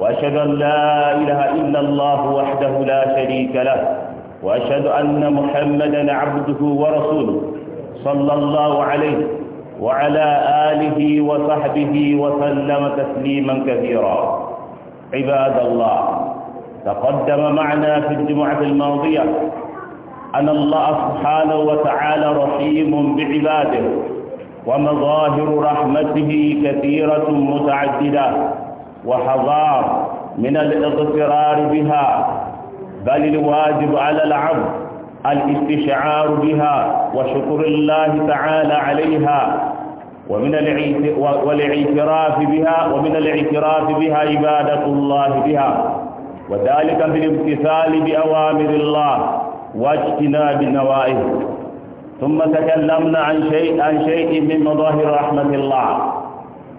وأشهد أن لا إله إلا الله وحده لا شريك له وأشهد أن محمدا عبده ورسوله صلى الله عليه وعلى آله وصحبه وسلم تسليما كثيرا عباد الله تقدم معنا في الجمعة الماضية أن الله سبحانه وتعالى رحيم بعباده ومظاهر رحمته كثيرة متعددة وحذار من الاضطرار بها بل الواجب على العبد الاستشعار بها وشكر الله تعالى عليها ومن الاعتراف بها ومن الاعتراف بها عبادة الله بها وذلك بالامتثال بأوامر الله واجتناب نوائه ثم تكلمنا عن شيء عن شيء من مظاهر رحمة الله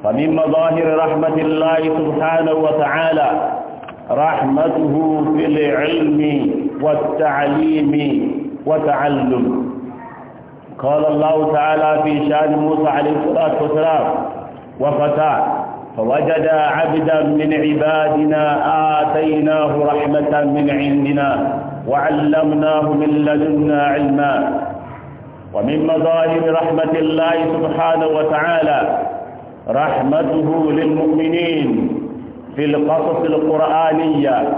فمن مظاهر رحمة الله سبحانه وتعالى رحمته في العلم والتعليم وتعلم قال الله تعالى في شان موسى عليه الصلاة والسلام وفتاه فوجد عبدا من عبادنا آتيناه رحمة من عندنا وعلمناه من لدنا علما ومن مظاهر رحمة الله سبحانه وتعالى رحمته للمؤمنين في القصص القرآنية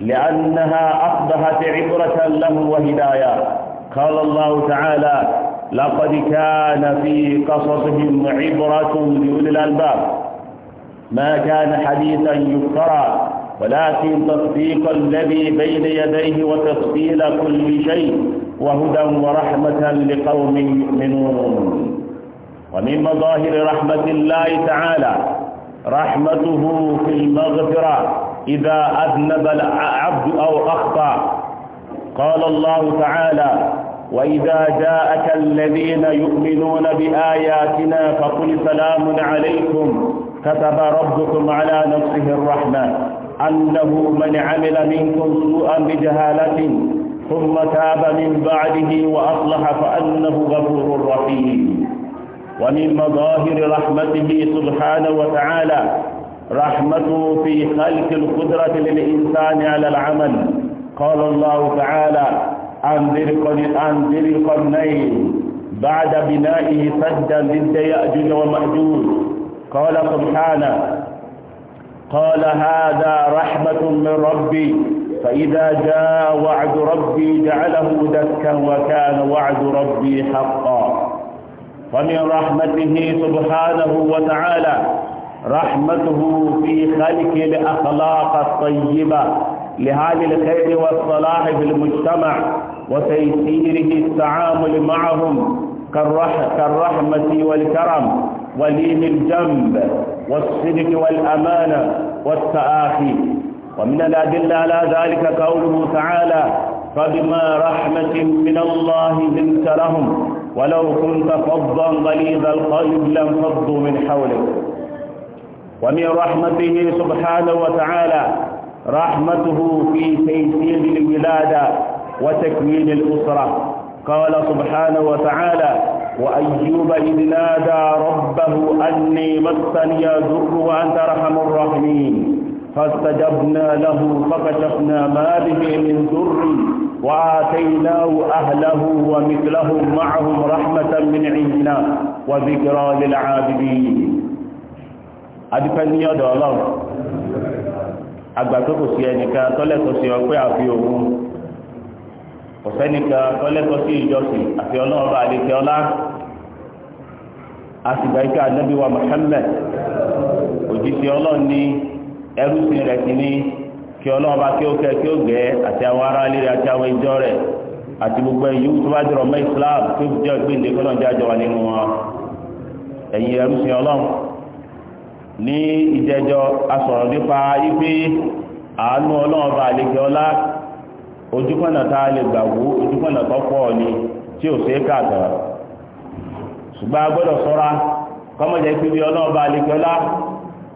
لأنها أصبحت عبرة له وهداية قال الله تعالى لقد كان في قصصهم عبرة لأولي الألباب ما كان حديثا يفترى ولكن تصديق الذي بين يديه وتفصيل كل شيء وهدى ورحمة لقوم يؤمنون ومن مظاهر رحمة الله تعالى رحمته في المغفرة إذا أذنب العبد أو أخطأ قال الله تعالى وإذا جاءك الذين يؤمنون بآياتنا فقل سلام عليكم كتب ربكم على نفسه الرحمة أنه من عمل منكم سوءا بجهالة ثم تاب من بعده وأصلح فأنه غفور رحيم ومن مظاهر رحمته سبحانه وتعالى رحمته في خلق القدرة للإنسان على العمل قال الله تعالى أنذر القرنين بعد بنائه سدا ضد يأجوج ومأجوج قال سبحانه قال هذا رحمة من ربي فإذا جاء وعد ربي جعله دكا وكان وعد ربي حقا ومن رحمته سبحانه وتعالى رحمته في خلق الأخلاق الطيبة لهذا الخير والصلاح في المجتمع وتيسيره التعامل معهم كالرحمة والكرم ولين الجنب والصدق والأمانة والتآخي ومن الأدلة على ذلك قوله تعالى فبما رحمة من الله لنت لهم ولو كنت فظا غليظ القلب لانفضوا من حولك ومن رحمته سبحانه وتعالى رحمته في تيسير الولادة وتكوين الأسرة قال سبحانه وتعالى وأيوب إذ نادى ربه أني مسني ذر وأنت أرحم الراحمين فاستجبنا له فكشفنا ما به من ذر وآتيناه أهله ومثلهم معهم رحمة من عندنا وذكرى للعابدين adúpẹ́ ní ọ̀dọ̀ ọlọ́run àgbà tó kò sí ẹnìkan tọ́lẹ́tọ̀ sí ọpẹ́ àfi òun kò sẹ́nìkan tọ́lẹ́tọ̀ sí ìjọsìn àfi ọlọ́run bá àlejò ọlá àsìgbà ike ànábì wa Muhammad òjíṣẹ́ ọlọ́run ní ẹrú sí rẹ̀ sí ní kí ọlọ́run bá kí ó kẹ́ kí ó gẹ́ àti àwọn ará líle àti àwọn ìjọ rẹ̀ àti gbogbo ẹ̀yìn tó bá mọ́ Islam tó jẹ́ gbèǹde jájọ wà ní ìjẹjọ asọ̀rọ̀ a lè gbà wó ojúkọ̀nà tó pọ̀ ni tí ò ṣeé ṣùgbọ́n a gbọ́dọ̀ ṣọ́ra kọ́mọ̀jẹ́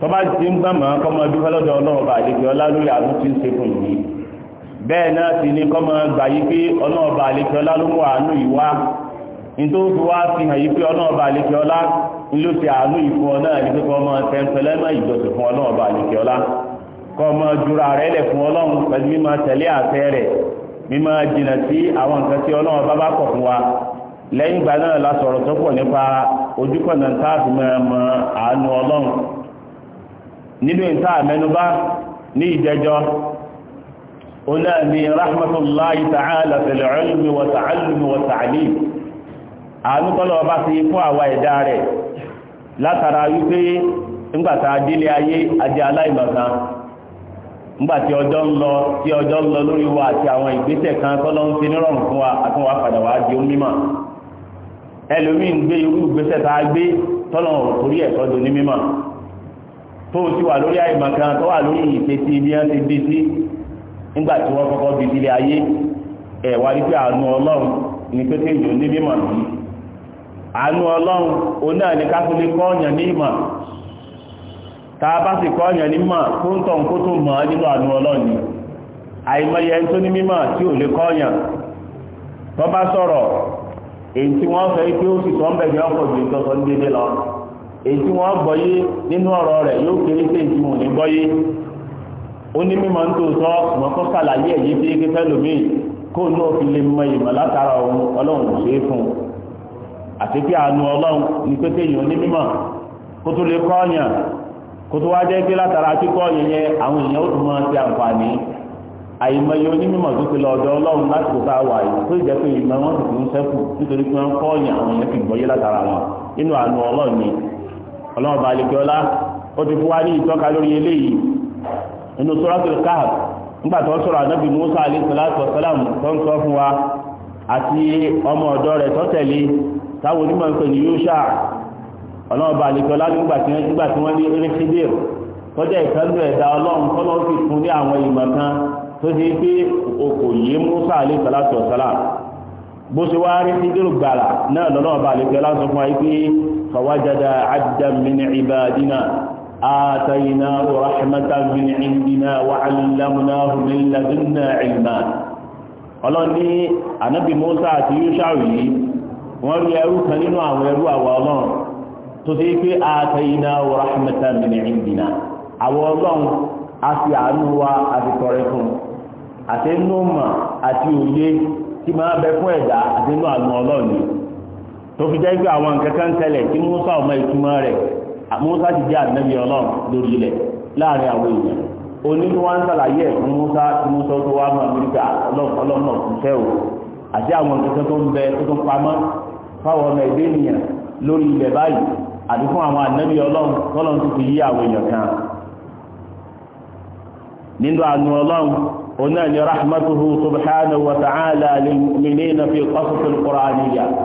tọ́ba ti ń gbàmọ́ kọ́mọ dúpẹ́ lọ́dọ̀ ọlọ́run bá àlejò ọlá lórí àánú tí ń ṣe fún yìí bẹ́ẹ̀ náà sì ni kọ́mọ gbà yí pé ọlọ́run bá àlejò ọlá ló mú àánú yìí wá nítorí fi wá fi hàn yí pé ọlọ́run bá àlejò ọlá ló ti àánú yìí fún ọ náà ní pé kọ́mọ tẹ́ńpẹ́lẹ́ mọ́ ìjọsìn fún ọlọ́run bá àlejò ọlá kọ́mọ jura rẹ̀ lẹ̀ fún ọlọ́run pẹ̀lú mímọ tẹ̀lé àṣẹ rẹ̀ mímọ jìnà sí àwọn nǹkan tí ọlọ́run bá nínú ìta àmẹ́nubá ní ìjẹjọ́ onáàmì rahmatullahi ta'ala fil ilmi wa ta'allumi wa ọba ti fún àwa ẹ̀dá rẹ̀ látara wípé ńgbàtà délé ayé ajé aláìmọ̀kan ńgbàtí ọjọ́ ń lọ tí ọjọ́ ń lọ lórí wa àti àwọn ìgbésẹ̀ kan tọ́lọ́ ń fi nírọ̀rùn fún wa àti wọn padà wá di onímọ̀ ń gbé irú ìgbésẹ̀ gbé tọ́lọ̀ torí ẹ̀tọ́ ní mímọ̀ tó ti wà lórí àìmọ̀kan tó wà lórí ìpèsè ibi wọn ti bí sí nígbà tí wọ́n kọ́kọ́ bí ayé ẹ̀ rí pé àánú ọlọ́run ní pété ìjọ ní mímọ̀ yìí àánú ọlọ́run náà ní kọ́ọ̀yàn ní ìmọ̀ a bá sì kọ́ọ̀yàn ní mọ̀ tó ń kó tó mọ̀ nínú àánú ọlọ́run ni tó ní mímọ̀ èyí wọ́n gbọ́yé nínú ọ̀rọ̀ rẹ̀ yóò kéré sí èyí wọn ní gbọ́yé ó ní mímọ̀ ń tòótọ́ ṣùgbọ́n kó sàlàyé ẹ̀yí bí ké fẹ́lòmíì kó náà fi lè mọ ìmọ̀ látara ohun ọlọ́run kò ṣeé fún àti pé àánú ọlọ́run ní pété èyí ní mímọ̀ kó tó lè kọ́ọ̀yàn kó tó wá jẹ́ pé látara kíkọ́ọ̀yàn yẹn àwọn èèyàn ó tún mọ́ ti àǹfààní àìmọye onímọ̀ tó ti lọ ọ̀dọ̀ ọlọ́run láti sáà wà yìí tó pé ìmọ̀ wọn sì sẹ́kù nítorí pé wọ́n ọlọ́run bá àlejò ọlá ó ti fún wa ní ìtọ́ka lórí eléyìí nínú suratul Kahf nígbà tó ń sọ̀rọ̀ ànábì Musa alayhi salatu wa salam tó ń sọ fún wa àti ọmọ ọ̀dọ́ rẹ̀ tó tẹ̀lé táwọn onímọ̀ ń pè ní Yusha ọlọ́run bá àlejò ọlá nígbà tí wọ́n ní erékébìr tó jẹ́ ìkánú ẹ̀dá ọlọ́run kọ́lọ́ sì fún ní àwọn ìmọ̀ kan tó ṣe pé okò yìí Musa alayhi salatu wa salam bó ṣe wá rí sí dèrò gbàrà náà lọ́lọ́run bá àlejò ọlá sọ fún wa pé فوجد عبدا من عبادنا آتيناه رحمة من عندنا وعلمناه من لدنا علما ọlọ́run ní ànábì Mùsá àti yúṣàrù yìí wọ́n rí ẹrú kan nínú àwọn ẹrú àwa ọlọ́run tó ṣe pé آتيناه رحمة من عندنا àwa ọlọ́run a fi àánú wa àti tọrẹ fún àti nùmọ̀ àti òye tí máa bẹ fún ẹ̀dá àti nù ọlọ́run tó fi jẹ́ pé àwọn nǹkan kan ṣẹlẹ̀ tí Musa ọmọ ìtumọ̀ rẹ̀ Musa ti jẹ́ ànábì Ọlọ́run lórí ilẹ̀ láàrin àwọn èèyàn onílù wa ń ṣàlàyé ẹ̀ fún Musa tí Musa tó wá mọ̀ nípa Ọlọ́run náà fún fẹ́ o àti àwọn nǹkan tó ń bẹ tó tó pamọ́ fáwọn ọmọ ẹgbẹ́ ènìyàn lórí ilẹ̀ Ọlọ́run fi yí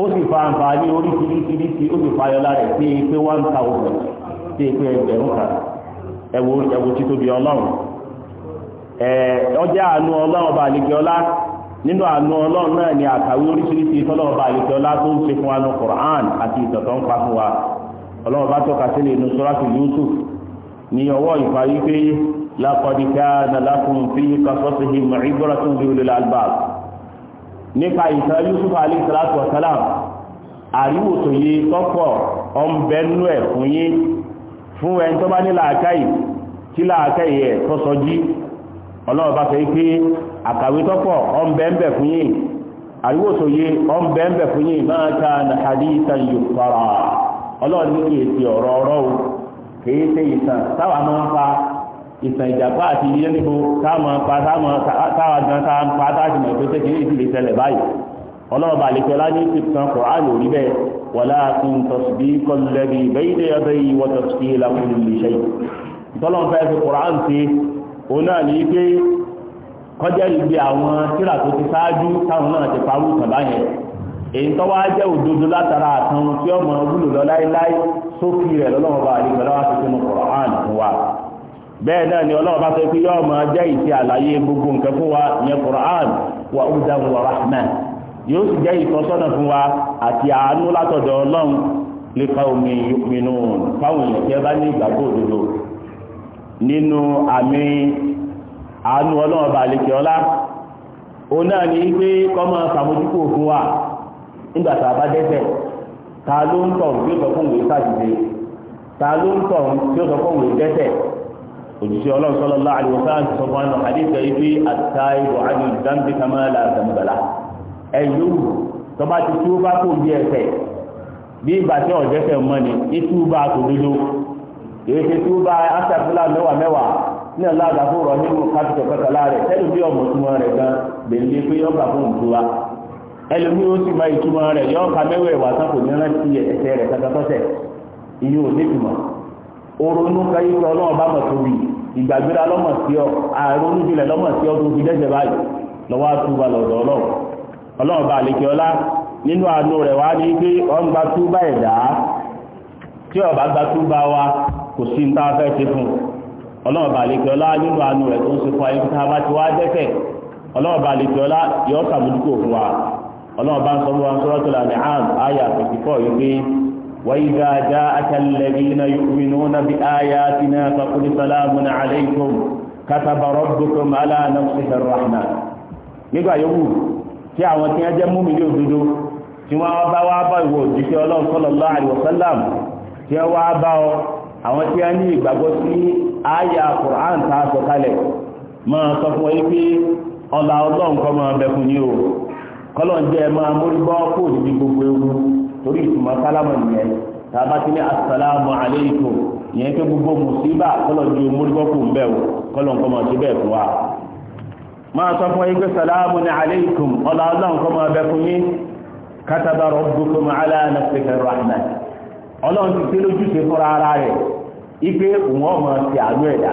ó sì fa àǹfààní oríṣiríṣiríṣi ó sì fayọ lára pé pé one thousand pé pé ẹgbẹ̀rún kan ẹ̀wò ẹ̀wò títóbi ọlọ́run ẹ̀ ọjà àánú ọlọ́run bá àlejò ọlá nínú àánú ọlọ́run náà ni àkàwé oríṣiríṣi tọ́lọ́run bá àlejò ọlá tó ń ṣe fún wa ní Qur'an àti ìtọ̀tọ̀ ń pa fún wa ọlọ́run bá tọ́ka sílẹ̀ inú sọ́ràtù Yusuf ní ọwọ́ ìparí pé laqad kana lakum fi qasasihim ibratun li ulil albab nípa ìtàn Yusuf alayhi salatu wa salam àríwò tó yé tọ́pọ̀ ọmọbẹ̀nú ẹ̀ fún yín fún ẹni tó bá ní làákàyè tí làákàyè ẹ̀ tó sọjí ọlọ́run bá sọ pé àkàwé tọ́pọ̀ ọmọbẹ̀nbẹ̀ fún yín àríwò tó yé ọmọbẹ̀nbẹ̀ ìtàn ìjàpá àti ilé níbo táwọn pa táwọn táwọn gan táwọn pa táwọn mọ̀ pé kékeré ìdílé ṣẹlẹ̀ báyìí ọlọ́run bá lè tẹ́lá ní ìtàn kọ̀ọ̀án lórí bẹ́ẹ̀ wọlá kí n kọ́lẹ́bí bẹ́ẹ̀ ọbẹ̀ yìí wọ́n tọ̀sibí lákùnrin lè ṣe ìtọ́lọ́run fẹ́ fi kọ̀ọ̀án ṣe òun náà ní pé kọjá ìgbé àwọn tíra tó ti ṣáájú táwọn náà ti parú ìtàn báyẹn èyí tó wá jẹ́ òdodo látara àtàwọn tí ọmọ wúlò lọ láéláé sófin rẹ̀ lọ́lọ́run bá lè bẹ́ẹ̀ náà ni ọlọ́run bá sọ pé yóò máa gbogbo nǹkan fún wa yẹn Qur'an wa hudan wa rahma yóò sì jẹ́ ìtọ́sọ́nà fún wa àti àánú látọ̀dọ̀ ọlọ́run lè omi yu'minun fáwọn èèyàn bá ní ìgbàgbọ́ òdodo nínú àmì àánú ọlọ́run bá lè náà ni pé kọ́ sàmójúkò fún wa nígbà bá ta ló ń tọ̀ tí ó sọ fún òjíṣẹ́ ọlọ́run sallallahu alaihi wasallam ti sọ fún àwọn àdéhùn yìí pé àtàìrò àdéhùn dáńbé kamala àdàmùbàlà ẹ̀yọ́ wù tọ́ba ti tú bá kó bí ẹsẹ̀ bí ìgbà tí ọ̀jẹ́ fẹ́ mọ́ ni ìtú bá tó dúdú èyí ti tú bá asàfúlà mẹ́wàá mẹ́wàá ní ọ̀la àgbàfọ̀rọ̀ nínú kápítọ̀ pẹ́tàlá rẹ̀ tẹ́lẹ̀ bí ọmọ túmọ̀ rẹ̀ gan gbèǹde pé ọgbà fún ìtura ẹlòmíì ó sì máa ìtumọ̀ rẹ̀ yọ mẹ́wàá ìwà sáfò rántí ẹsẹ̀ rẹ̀ kàkàtọ́sẹ̀ ìyóò nítumọ̀ oronú káyé pé ọlọ́run bá mọ̀ tóbi ìgbàgbéra lọ́mọ̀ sí ọ àìronú jùlẹ̀ lọ́mọ̀ sí ọ tó fi dẹ́sẹ̀ báyìí lọ́wọ́ àtúbà lọ́dọ̀ ọlọ́run ọlọ́run bá lè kí ọlá nínú àánú rẹ̀ wá ní pé ọ̀n gba túbà ẹ̀dá tí ọ̀bá gba túbà wa kò sí ní táwọn fẹ́ ṣe fún ọlọ́run bá lè kí ọlá nínú àánú rẹ̀ tó ń ṣe fún ayé وإذا جاءك الذين يؤمنون بآياتنا فقل سلام عليكم كتب ربكم على نفسه الرحمة nígbà yòówù tí àwọn tí wọ́n jẹ́ múmìnì òdodo tí wọ́n bá wá bá ìwò òjíṣẹ́ Ọlọ́run sallallahu alaihi wasallam tí wọ́n wá bá ọ àwọn tí wọ́n ní ìgbàgbọ́ sí àyà Qur'an tá a sọ̀kalẹ̀ máa sọ fún wọn pé ọlá Ọlọ́run kọ́ máa bẹ fún yín o kọlọn jẹ máa mórí bọ kó níbi gbogbo ewu torí ìtumọ̀ sálámù nìyẹn tàbá ti ní asàlámù aláìkùm ìyẹn tó gbogbo mùsíbà kọlọ̀ ju múlùkọ́kù ń bẹ̀ wò kọlọ̀ nǹkan máa ṣe bẹ́ẹ̀ fún wa. máa sọ fún yín pé sàlámù ní aláìkùm ọ̀là ọlọ́run kọ́ máa bẹ fún yín kátàbà rabbukum ala nafsika rahmah ọlọ́run ti pé lójúṣe fúnra ara rẹ̀ ipe òun ọmọ ti àánú ẹ̀dá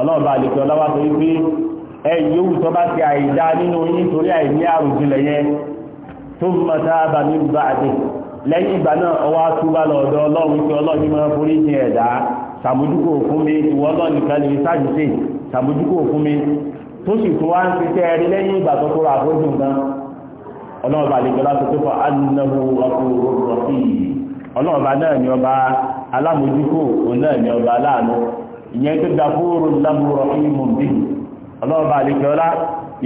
ọlọ́run bá lè fi ọlọ́wà tó wípé ẹ̀yìn yóò tó bá ti àìdá nínú yín torí àìní àròjinlẹ̀ yẹn tó mọ̀ sáábà ní bá àdé lẹ́yìn ìgbà náà ọwọ́ àtúbà lọ́dọ̀ ọlọ́run tí ọlọ́run máa forí jin ẹ̀dá sàmójúkò fún mi ìwọ ọlọ́run nìkan lè sáàjìṣe sàmójúkò fún mi tó sì tún wá ń ṣiṣẹ́ ẹ̀rí lẹ́yìn ìgbà tó kóra àbójú nǹkan ọlọ́run bá lè fi ní ọba alámójúkò òun náà ní ọba aláàánú ìyẹn tó gafúrú lábúrọ̀ ìmú bí ọlọ́ọ̀bà àlejòọ́lá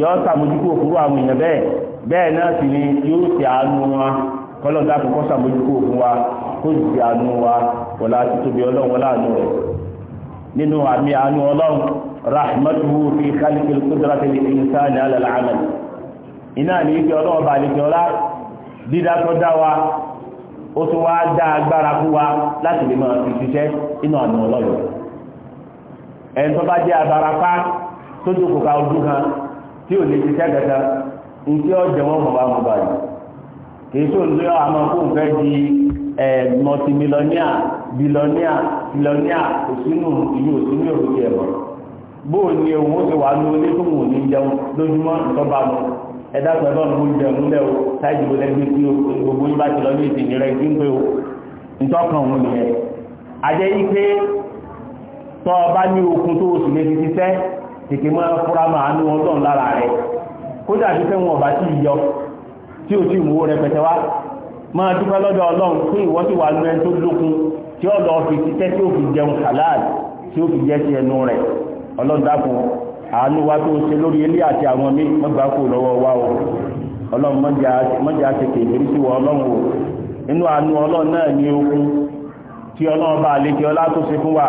yóò sàmójúkú òfurú àwọn èèyàn bẹ́ẹ̀ bẹ́ẹ̀ náà sì ni yóò ti àánú wa kọ́lọ́dá kò kọ́ sàmójúkú òfurú wa kó sì ti àánú wa wọ̀lá ti tóbi ọlọ́run wọlá àánú rẹ̀ nínú àmì àánú ọlọ́run rahmatuhu fi kálíkìlì kúndúrà tẹ̀lé láti lè máa fi ṣiṣẹ́ inú àmì ọlọ́run ẹni tó bá jẹ́ abarapá tó jókòó ka ojú kan tí ò lè ṣiṣẹ́ kankan ntí ọ jẹmọ́ mọ̀ bá mọ̀ báyìí kìí tó ń lé àmọ́ kó n fẹ́ di ẹ mọtimilọ́níà bilọ́níà òsínú ìlú òsínú bóò ó ti wà ní ní jẹun lójúmọ́ ọ̀nà lẹ́gbẹ́ gbogbo yín bá ti lọ ní ìsìn òun nìyẹn tọ́ ọba ní okun tó oṣù lè fi ṣiṣẹ́ tètè máa fura máa ní wọn lọ́n lára rẹ̀ kódà tí fẹ́ wọn ọba tí ì yọ tí ò tí ì mú owó rẹpẹtẹ wá máa dúpẹ́ lọ́dọ̀ ọlọ́run pé ìwọ sì wà lóyún tó lókun tí ó lọ fi ṣiṣẹ́ tí ó fi jẹun halal tí ó fi jẹ́ sí ẹnu rẹ̀ ọlọ́run dákun àánú wa tó ṣe lórí ilé àti àwọn mí mọ́gbà kò lọ́wọ́ wa o ọlọ́run mọ́jà ṣe kèfèrí sí wọ ọlọ́run o inú àánú ọlọ́run náà ní okun tí ọlọ́run bá lè ọlá tó ṣe fún wa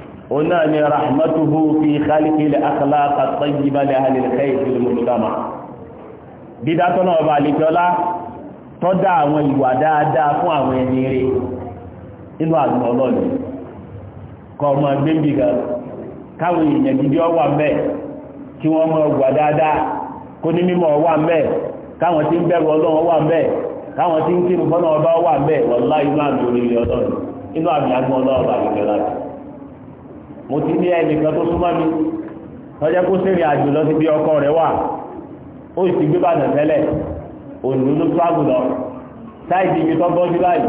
ona ni rahmatuhu fi khalqil akhlaq at-tayyiba li ahli al-khayr fil mujtama bida to na ba li tola tó dá àwọn ìwà dáadáa fún àwọn ẹni rẹ̀ agbo Ọlọ́run ko ma gbe ga kawo èèyàn gidi ó wà ńbẹ̀ kí wọ́n mọ ìwà dáadáa kò ní mímọ̀ ó mo ti ní ẹnìkan tó súnmọ́ mi tọ́jẹ́ kó sẹ́rìn àjò lọ sí bí ọkọ rẹ̀ wà ó sì gbé bàtà tẹ́lẹ̀ òǹdó ló travel lọ táìdì ibi tó bọ́ sí báyìí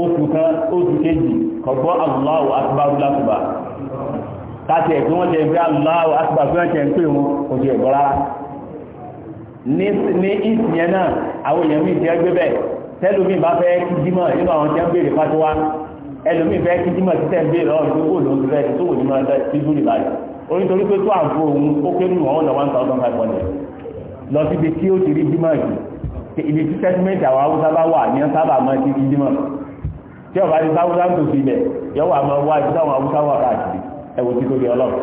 oṣù kan oṣù kejì kọ̀gbọ́ Allahu akbar lákùbà láti ẹ̀kú wọ́n jẹ́ ìgbé Allahu akbar fún ẹ̀kẹ́ ń pè wọn kò jẹ́ ẹ̀gbọ́ rárá ní ìsìnyẹn náà àwọn èèyàn mi jẹ́ gbé bẹ́ẹ̀ tẹ́lómi bá fẹ́ kí jímọ̀ nínú àwọn tí wọ́n béèrè pátó wá ẹlòmí fẹ́ kí dímọ̀ ti tẹ̀ ń béèrè ọ̀rọ̀ tó kò ló fẹ́ tó wò ní máa ti dúró ìbàdàn onítorí pé tó àǹfò òun ó kéré one thousand five hundred lọ síbi tí ó ti rí tí sẹ́tímẹ́ǹtì àwọn haúsá bá wà ní sábà máa ti rí tí ọba ti sáwúsá ń tòsí wá haúsá wà káàkiri tí ọlọ́run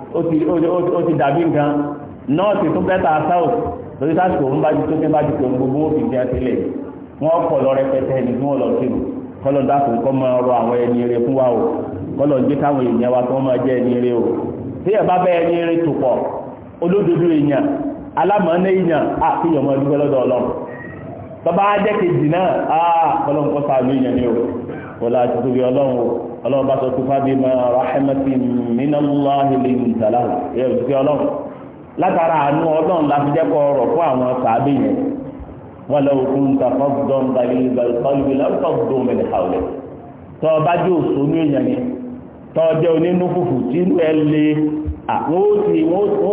ó ti dàbí nǹkan nọ́ọ̀tì tún bẹ́tà south lórí sásìkò ń tó tó gbogbo òfin jẹ́ sílẹ̀ wọ́n kọ̀ lọ rẹpẹtẹ ní fún kọ́ o kọ́lọ̀ gbé káwọn èèyàn wa o tí ẹ̀ bá bẹ́ ẹni eré pọ̀ olódodo èèyàn èèyàn lọ́dọ̀ ọlọ́run tọ́ba á jẹ́ kejì náà á o àti tóbi ọlọ́run ọlọ́run bá sọ pé fábímọ rahmatí minallahi linta lahu ẹ ò ọlọ́run látara àánú ọlọ́run láti jẹ́ ọ̀rọ̀ fún àwọn sàábì yẹn wọn lọ òkun tàkọ́ dán dalí balùwẹ̀ lọ́tọ̀ dùn mí hàwlẹ̀ tọ́ ọ bá jẹ́ òṣò ní èèyàn ni tọ́ ọ jẹ́ onínú fùfù tí lé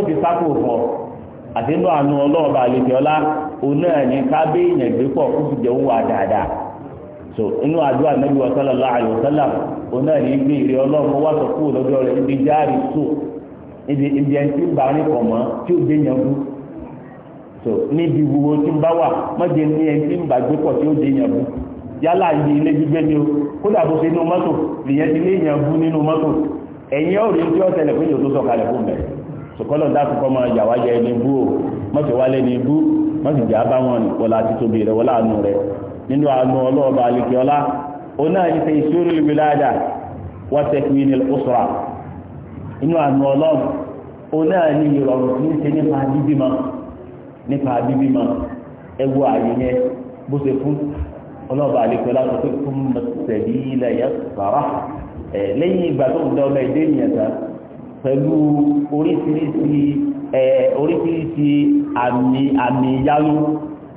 ti sákò fún ọ so inú àdúrà Ànábì wa sallallahu alaihi wasallam òun náà ní ibi ìrẹ Ọlọ́run wá sọ kúrò lọ́jọ́ rẹ̀ ibi jáàrí so ibi ibi ẹni tí ń bá ní pọ̀ mọ́ tí ó gbé yẹn bú so níbi ìwúwo tí ń bá wà mọ́jẹ ní ẹni tí ń bá gbé pọ̀ tí ó gbé yẹn bú yálà ibi ilé gbígbé ni o kódà bó ṣe inú mọ́tò lèyẹn ti lé yẹn bú nínú mọ́tò ẹ̀yìn ọ̀rẹ́ tí ó tẹ̀lẹ̀ fún yóò tó sọ̀kalẹ̀ fún mẹ́rin sọkọlọ dákúkọ máa yàwá jẹ ẹni bú o mọ̀sí wálé ni bú mọ̀sí jẹ́ abáwọn wọlá títóbi rẹ wọlá àánú rẹ nínú àánú ọlọ́ọ̀bà àlekíọ́lá òun náà ní sẹ́yìn sórí ìwìláàdà wọ́n tẹ̀kùn ní ọ̀sọ̀rà inú àánú ọlọ́ọ̀bà òun náà ní ìrọ̀rùn ní ṣe nípa bíbímọ nípa pẹ̀lú oríṣiríṣi àmì àmì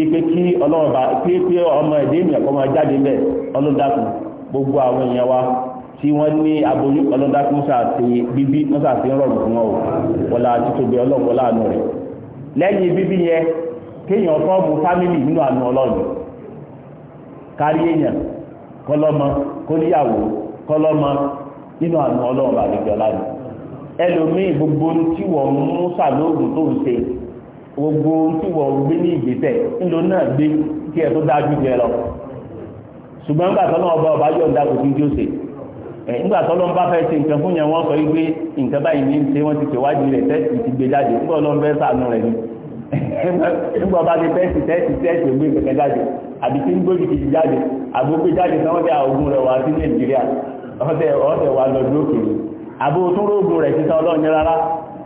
ipe kí ọlọ́run bá pé pé ọmọ ẹ̀dẹ́ ènìyàn kọ́ máa jáde gbogbo àwọn èèyàn wa tí wọ́n ní abonye ọlọ́dàkùn sàti bíbí wọ́n sàti ń fún wọn o wọlá ọlọ́run wọlá àánú rẹ̀ lẹ́yìn bíbí yẹn kéèyàn fọ́ọ̀mù fámìlì nínú àánú ọlọ́run kárí èèyàn kọlọ́mọ kóníyàwó kọlọ́mọ nínú àánú ọlọ́run ẹlòmíì gbogbo tí wọ́n mú gbogbo tí wọ́n gbé ní ìgbésẹ̀ ńlọ náà gbé kí ẹ tó dájú jẹ lọ ṣùgbọ́n nígbà tó náà ọba ọba yọ̀ ń dàgbò ó ṣe nígbà tó lọ́n bá fẹ́ ṣe nǹkan fún yẹn wọ́n sọ nǹkan báyìí ní ṣe wọ́n ti ọba ti tẹ́sì tẹ́sì tẹ́sì kẹ̀kẹ́ jáde àbí tí ń gbójú ti jáde jáde bí àwọn rẹ̀ wá sí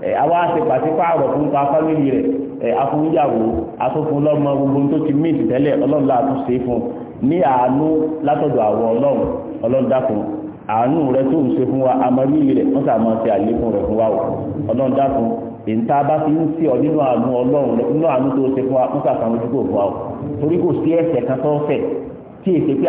àwa ṣe pàṣípààrọ̀ fún pa fámìlì rẹ̀ afúnjàwó asófin lọ́mọ gbogbo tó ti mí tẹ́lẹ̀ ọlọ́run láti ṣe fún ní àánú látọ̀dọ̀ àwọn ọlọ́run ọlọ́run dákun àánú tó ń ṣe fún wa amọ̀lìyí rẹ̀ wọ́n sàmọ́ ṣe àlékún rẹ̀ fún wa ọlọ́run dákun ìta bá fi ń sí ọ nínú àánú ọlọ́run nínú àánú tó ṣe fún wa wọ́n sàmọ́ ojú kò fún wa torí kò sí kan tó fẹ̀ tí èsì pé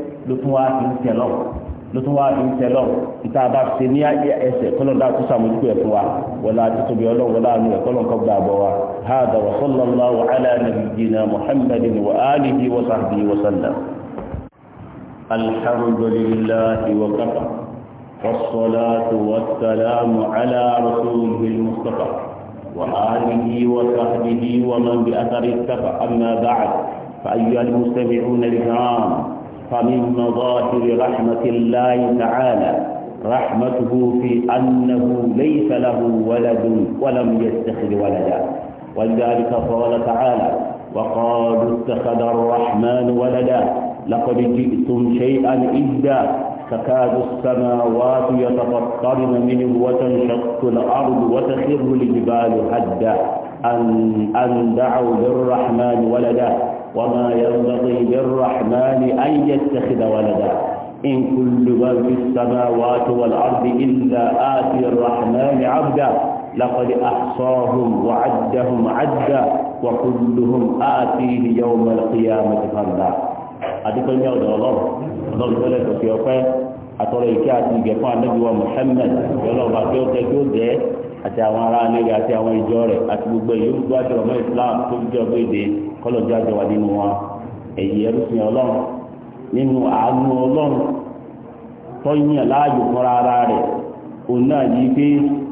ló tún wá fi ń tẹ lọ ló tún wá fi ń tẹ lọ ìta bá ṣe ní ẹsẹ̀ kọ́lọ́ dá kó sàmójúkú ẹ̀ fún wa wọlá títóbi ọlọ́run wọlá àánú ẹ̀ kọ́lọ́ nǹkan gbà bọ̀ wa hada wa sallallahu ala nabiyyina muhammadin wa alihi wa sahbihi wa sallam. alhamdulillahi wa kafa والصلاة والسلام على رسوله المصطفى وآله وصحبه ومن بأثر اتبع أما بعد فأيها المستمعون الكرام فمن مظاهر رحمة الله تعالى رحمته في أنه ليس له ولد ولم يتخذ ولدا ولذلك قال تعالى وقالوا اتخذ الرحمن ولدا لقد جئتم شيئا إدا تكاد السماوات يتفطرن منه وتنشق الأرض وتخر الجبال هدا أن, أن دعوا للرحمن ولدا وما ينبغي للرحمن أن يتخذ ولدا إن كل من في السماوات والأرض إلا آتي الرحمن عبدا لقد أحصاهم وعدهم عدا وكلهم آتيه يوم القيامة فردا أدخل يا الله الله لك في أتولى إكاتي جفان نبي محمد يلا الله كيف àti àwọn ará nígbà àti àwọn ìjọ rẹ̀ àti gbogbo ìlú gbogbo àti ọmọ Islam tó jẹ́ ọgbẹ́ èdè kọ́lọ̀jọ́ àjọwà nínú wọn èyí ẹrúsìn ọlọ́run nínú àánú ọlọ́run tọ́yìn ara rẹ̀ òun náà yí pé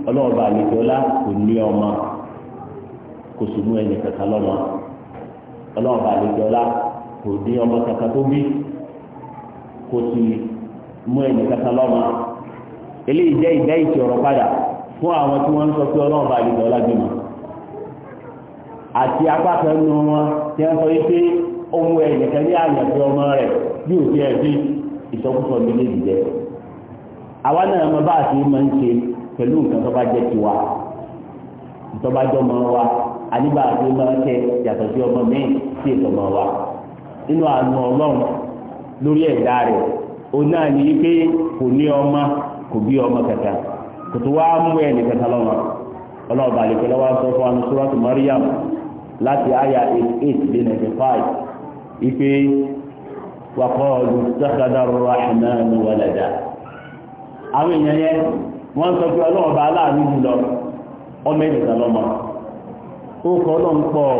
ọlọ́run bá àlejò ọlá kò ní ọmọ kò sì mú ẹnì kankan ọlọ́run bá àlejò ọlá kò ní ọmọ fún àwọn tí wọ́n ń sọ pé ọlọ́run bá àlejò ọlágbìmọ̀ àti apá kan nù wọn tí wọ́n sọ wípé ohun ẹ̀yẹ̀kẹ́ ní àyẹ̀fẹ́ ọmọ rẹ̀ bí ò fi ẹ̀bí ìsọkúsọ mi lè dìde àwa náà mọ bá àti máa ń ṣe pẹ̀lú nǹkan tó bá jẹ́ tiwa tó bá jọ mọ́ wa àníbà àti máa ń tẹ yàtọ̀ sí ọmọ mi sí ìtọ́mọ wa nínú àánú ọlọ́run lórí ẹ̀dá rẹ̀ òun náà ní pé kò ní ọmọ kò bí ọmọ kankan. kòtò wá mú ẹ̀ ní kẹta lọ́wọ́ ọlọ́ọ̀bà lè pẹ̀lú wá sọ Maryam láti àyà 88 dé 95 ipe wàkọ́ọ̀lù sẹ́kàdà rahman walada àwọn èèyàn yẹn wọ́n sọ pé ọlọ́ọ̀bà ala jùlọ ọmọ ẹ̀ nìkan lọ́mọ ó kọ́ ọlọ́ọ̀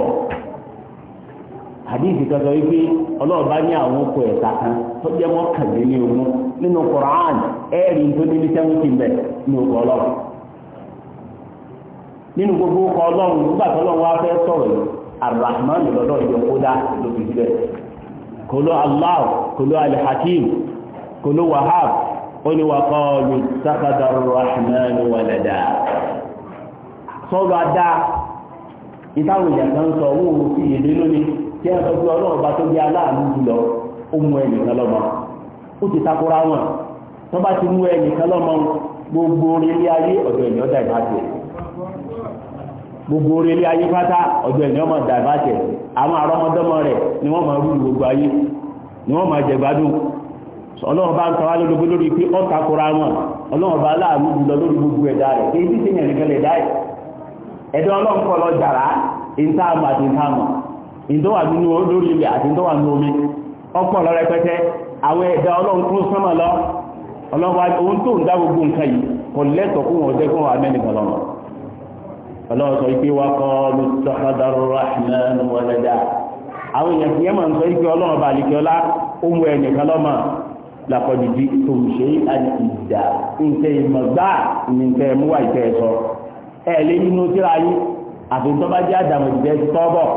hadithi kan sọ wípé ọlọ́ọ̀bá ní àwọn oko ẹ̀ka kan tó jẹ́ mọ́kàndínlé ogún nínú Quran ẹ̀rí tó ní ní sẹ́wọ́n ti bẹ̀ ní oko ọlọ́run nínú gbogbo oko ọlọ́run nígbà tó lọ́wọ́ wá fẹ́ sọ̀rọ̀ yìí arahman lọ́dọ̀ ìjọ kódà ló fi síbẹ̀ kòló allah kòló alhakim kòló wahab oníwàkọ́ọ̀lù sákàdà rahman wàlàdà sọ̀rọ̀ adá ìtàwọn ìyàtọ̀ ń sọ owó òfin ìdílónìí kí ẹ sọ ọlọ́run bá tó jẹ́ aláàánú jùlọ ó mú ẹnìkan lọ́mọ ó ti takora wọn tó bá ti mú lọ́mọ gbogbo orílẹ̀ ayé ọ̀dọ̀ ènìyàn dà gbogbo orílẹ̀ ayé pátá ọ̀dọ̀ ènìyàn dà àwọn rẹ̀ ni wọ́n máa rúlu gbogbo ayé ni wọ́n máa jẹ̀gbádùn ọlọ́run bá ń sọ lórí pé takora wọn ọlọ́run bá láàánú jùlọ lórí gbogbo ìdọ́wà nínú lórí ilẹ̀ àti ìdọ́wà nínú omi ọ̀pọ̀ lọ rẹpẹtẹ àwọn ẹ̀dá ọlọ́run tó sánmà lọ ọlọ́wà ohun tó ń dá gbogbo nǹkan yìí kò lẹ́tọ̀ọ́ kó wọn dẹ́kun wa mẹ́nìkan lọ́nà ọlọ́run sọ pé wá kọ́ ló sọ́kàdàrọ̀ rahman wọlẹ́dà àwọn èèyàn kìí máa ń sọ pé ọlọ́run bá lè kíọ́lá ohun ẹnìkan lọ́mà làkọ̀dìdì tó ń ṣe tọ́bọ̀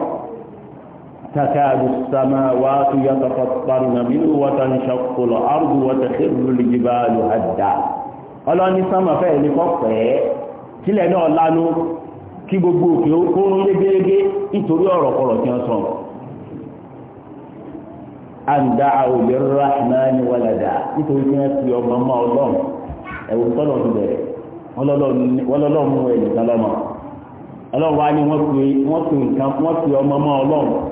تكاد السماوات يتفطرن منه وتنشق الأرض وتخر الجبال هدا ọlọ́ni sánmà fẹ́ ní kọ́pẹ́ kílẹ̀ náà lánú kí gbogbo òkè oòrùn légérégé nítorí ọ̀rọ̀ kọ̀rọ̀ tí ó sọ àǹdà àwòlẹ̀ rahman walada nítorí tí wọ́n fi ọmọ ọmọ wọ́n ọmọ ọlọ́run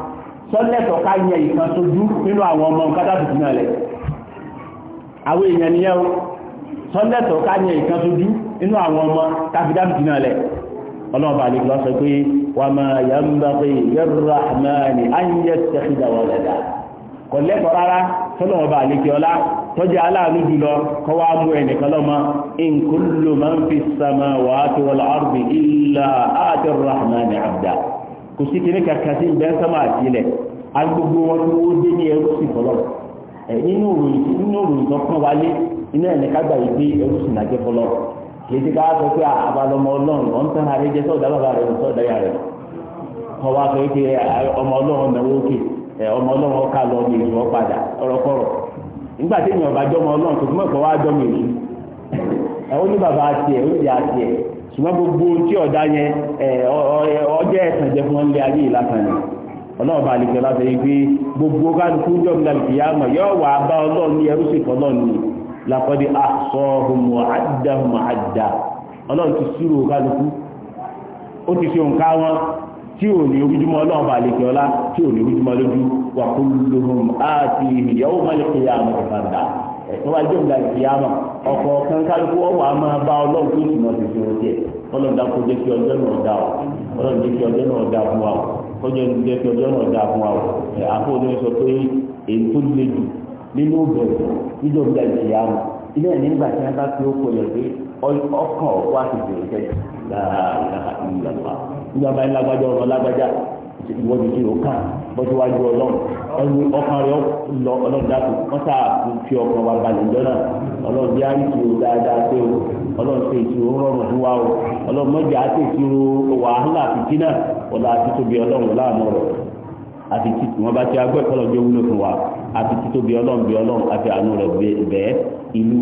tọ́lẹ̀tọ̀ ká yẹ ìkan sójú nínú àwọn ọmọ kátàkùn náà lẹ̀ àwọn èèyàn nìyẹn o tọ́lẹ̀tọ̀ ká yẹ ìkan sójú nínú àwọn ọmọ kátàkùn náà lẹ̀ ọlọ́ọ̀bà lè lọ sọ pé wà máa yà ń bá pé yẹ́rọ àmáàni áyẹ́ tẹ́kídà wọ́n lẹ́dà kò lẹ́kọ̀ọ́ rárá tọ́lọ́ọ̀bà lè kò sí kíní kankan sí ìbẹ́ sọ́mà àti ilẹ̀ agbogbo wọn tó dé ní ẹrú sí fọlọ́ nínú òròyìn nínú wálé iná ẹ̀ ní yìí dé ẹrú sí nàjẹ́ fọlọ́ ti sọ pé ọlọ́run ọ̀n tán sọ́ọ̀dá bàbá sọ́ọ̀dá yà kọ́ sọ pé ọmọ ọlọ́run òkè ọmọ ọlọ́run lọ ní ìlú ọ̀padà ọ̀rọ̀kọ̀rọ̀ nígbà ṣùgbọ́n gbogbo tí ọ̀dá yẹn ọjọ́ ẹ̀sàn jẹ fún ọlẹ́ ayé ìlàkàn ni ọlọ́ọ̀bà àlejò láti rí pé gbogbo kálukú jọ ní àlùkìyàmọ̀ yóò wà bá ọlọ́ọ̀ ní ẹrú sì fọlọ́ọ̀ ni làkọ́dé àsọ̀hùnmọ̀ àdàhùnmọ̀ àdà ọlọ́ọ̀ ti ṣírò kálukú ó ti ṣe òǹkà wọn tí ò ní ẹ̀sán wájú ìgbà ìfìyàmà ọkọ̀ kan kálukú ọwọ́ a máa bá ọlọ́run tó ìsìnà ti fi ojú ẹ̀ ọlọ́run dákú jẹ́ kí ọjọ́ náà dá o ọlọ́run jẹ́ kí ọjọ́ náà dá fún wa o kọjọ́ jẹ́ kí ọjọ́ náà dá fún wa o ẹ̀ àpò onírin sọ pé èyí tó le jù nínú bẹ̀rẹ̀ nínú ìgbà ilé ẹ̀ nígbà tí wọ́n bá fi ó kọlẹ̀ ìwọ ni kí o kàn bọ́jú wájú ọlọ́run ẹnu ọkàn rẹ lọ ọlọ́run dàpọ̀ wọ́n sá fi ọkàn wa balẹ̀ jọ ọlọ́run bí àyè ìṣòro dáadáa pé o ọlọ́run ṣe ìṣòro rọrùn fún wa o ọlọ́run mọ́jà á ṣe ìṣòro wàhálà àfikí náà ọ̀la àti tóbi ọlọ́run láàmú rẹ̀ àti títí wọn bá ti agbọ́ ìkọlọ̀ jẹ́ wúlò fún wa àti títí ọlọ́run bí ọlọ́run àti àánú rẹ̀ bẹ́ẹ̀ ìlú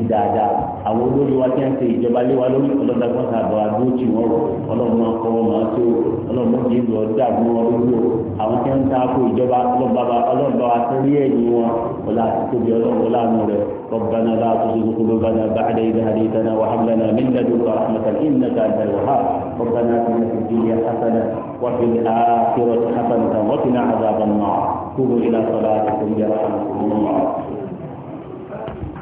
sí dáadáa àwọn olórí wa ti ń ṣe ìjọba lé wa lórí ọlọ́dàgbọ́n sàbọ̀ àdóòtì wọn o ọlọ́mọ akọwọ́ máa tó o ọlọ́mọ yìí lọ dàgbọ́ wọn lójú o àwọn tí ń taako ìjọba ọlọ́ba wa tó ẹ̀yìn wọn ọlá àti tóbi ọlọ́wọ́ rẹ ربنا لا تزغ قلوبنا بعد إذ هديتنا وهب لنا من لدنك رحمة إنك أنت الوهاب ربنا آتنا في الدنيا حسنة وفي الآخرة حسنة وقنا عذاب النار قوموا إلى صلاتكم يرحمكم الله